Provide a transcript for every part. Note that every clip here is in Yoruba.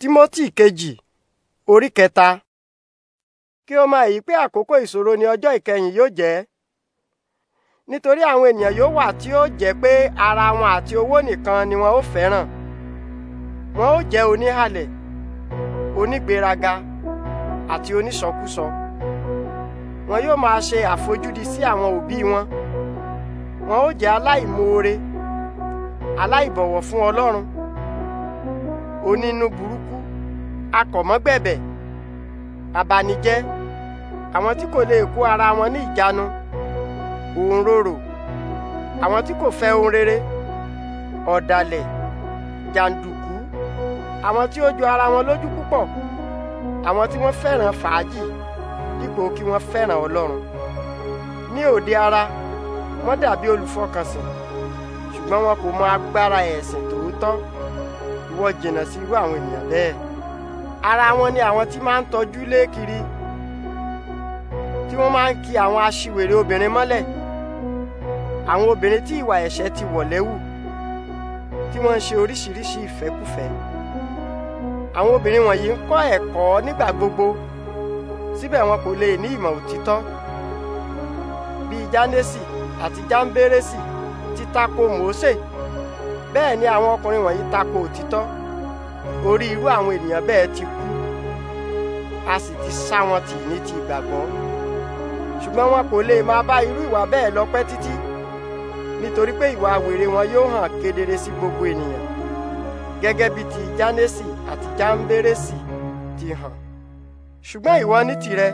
Tímótì kejì orí kẹta. Kí o máa yí pé àkókò ìṣòro ni ọjọ́ ìkẹyìn yóò jẹ́. Nítorí àwọn ènìyàn yóò wà tí ó jẹ́ pé ara wọn àti owó nìkan ni wọn ó fẹ́ràn. Wọn ó jẹ́ oníhalẹ̀, onígbéraga àti onísọkúsọ. Wọn yóò máa ṣe àfojúdi sí àwọn òbí wọn. Wọn ó jẹ́ aláìmoore, aláìbọ̀wọ̀ fún Ọlọ́run onínú burúkú akọ̀mọ́gbẹ̀bẹ̀ abanijẹ́ àwọn tí kò lè kó ara wọn ní ìjánu òǹrorò àwọn tí kò fẹ́ ohun rere ọ̀dàlẹ̀ jàǹdùkú àwọn tí ó jọ ara wọn lójú púpọ̀ àwọn tí wọ́n fẹ́ràn fàájì dípò kí wọ́n fẹ́ràn Ọlọ́run ní òde ara wọ́n dàbí olùfọkànsìn ṣùgbọ́n wọn kò mọ agbára ẹ̀sìn tòótọ́ ìwọ jìnnà sí irú àwọn ènìyàn bẹ́ẹ̀ ara wọn ni àwọn tí máa ń tọ́jú lé kiri tí wọ́n máa ń ki àwọn aṣiwèrè obìnrin mọ́lẹ̀ àwọn obìnrin tí ìwà ẹ̀ṣẹ̀ ti wọ̀ lẹ́wù tí wọ́n ń ṣe oríṣiríṣi ìfẹ́kùfẹ́ àwọn obìnrin wọ̀nyí ń kọ́ ẹ̀kọ́ nígbà gbogbo síbẹ̀ wọn kò lè ní ìmọ̀ òtítọ́ bíi jánésì àti jámbérésì ti mòósè bẹ́ẹ̀ ni àwọn ọkùnrin wọ̀nyí tako òtítọ́ orí irú àwọn ènìyàn bẹ́ẹ̀ ti kú a sì ti sá wọn tì ní ti ìgbàgbọ́ ṣùgbọ́n wọn kò lè máa bá irú ìwà bẹ́ẹ̀ lọ pẹ́ títí nítorí pé ìwà wèrè wọn yóò hàn kedere sí gbogbo ènìyàn gẹ́gẹ́ bí ti Jánésì àti Jáńbérésì ti hàn ṣùgbọ́n ìwọ ní tìrẹ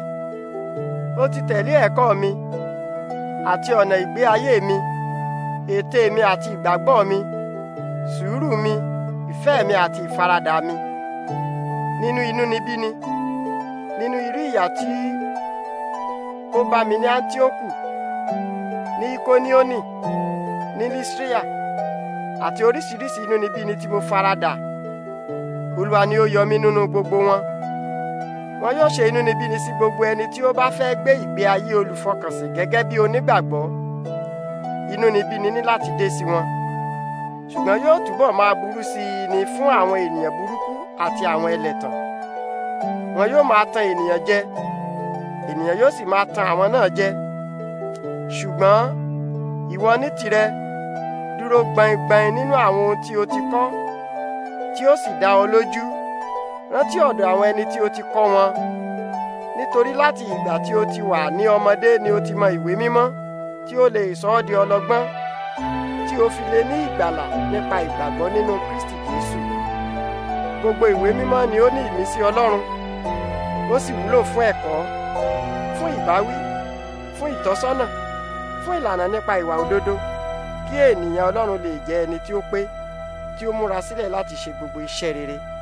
ó ti tẹ̀lé ẹ̀kọ́ mi àti ọ̀nà ìgbé ayé mi ète mi àti ìgbàgbọ́ mi sùúrù mi ìfẹ́ mi àti ìfaradà mi nínú inúnibíni nínú irú ìyà tí ó bá mi ní Áńtíókù ní Ikonioni ní Lísítíríà àti oríṣiríṣi inúnibíni tí mo faradà Olúwa ni ó yọ mí nínú gbogbo wọn wọn yóò ṣe ni sí gbogbo ẹni tí ó bá fẹ́ gbé ìgbé ayé olùfọkànsìn gẹ́gẹ́ bí onígbàgbọ́ inúnibíni ní láti dé sí wọn ṣùgbọ́n yóò túbọ̀ máa burú sí i ni fún àwọn ènìyàn burúkú àti àwọn ẹlẹ́tàn wọn yóò máa tan ènìyàn jẹ ènìyàn yóò sì máa tan àwọn náà jẹ ṣùgbọ́n ìwọ ní tirẹ̀ dúró gbaingbain nínú àwọn ohun tí o ti kọ́ tí ó sì dá ọ lójú rántí ọ̀dọ̀ àwọn ẹni tí o ti kọ́ wọn nítorí láti ìgbà tí o ti wà ní ọmọdé ni o ti mọ ìwé mímọ́ tí ó lè sọ ọ́ di ọlọ́gbọ́n kí o fi lè ní ìgbàlà nípa ìgbàgbọ́ nínú Kristi Jésù gbogbo ìwé mímọ́ ni ó ní ìmísí Ọlọ́run ó sì wúlò fún ẹ̀kọ́ fún ìbáwí fún ìtọ́sọ́nà fún ìlànà nípa ìwà òdodo kí ènìyàn Ọlọ́run lè jẹ́ ẹni tí ó pé tí ó múra sílẹ̀ láti ṣe gbogbo iṣẹ́ rere.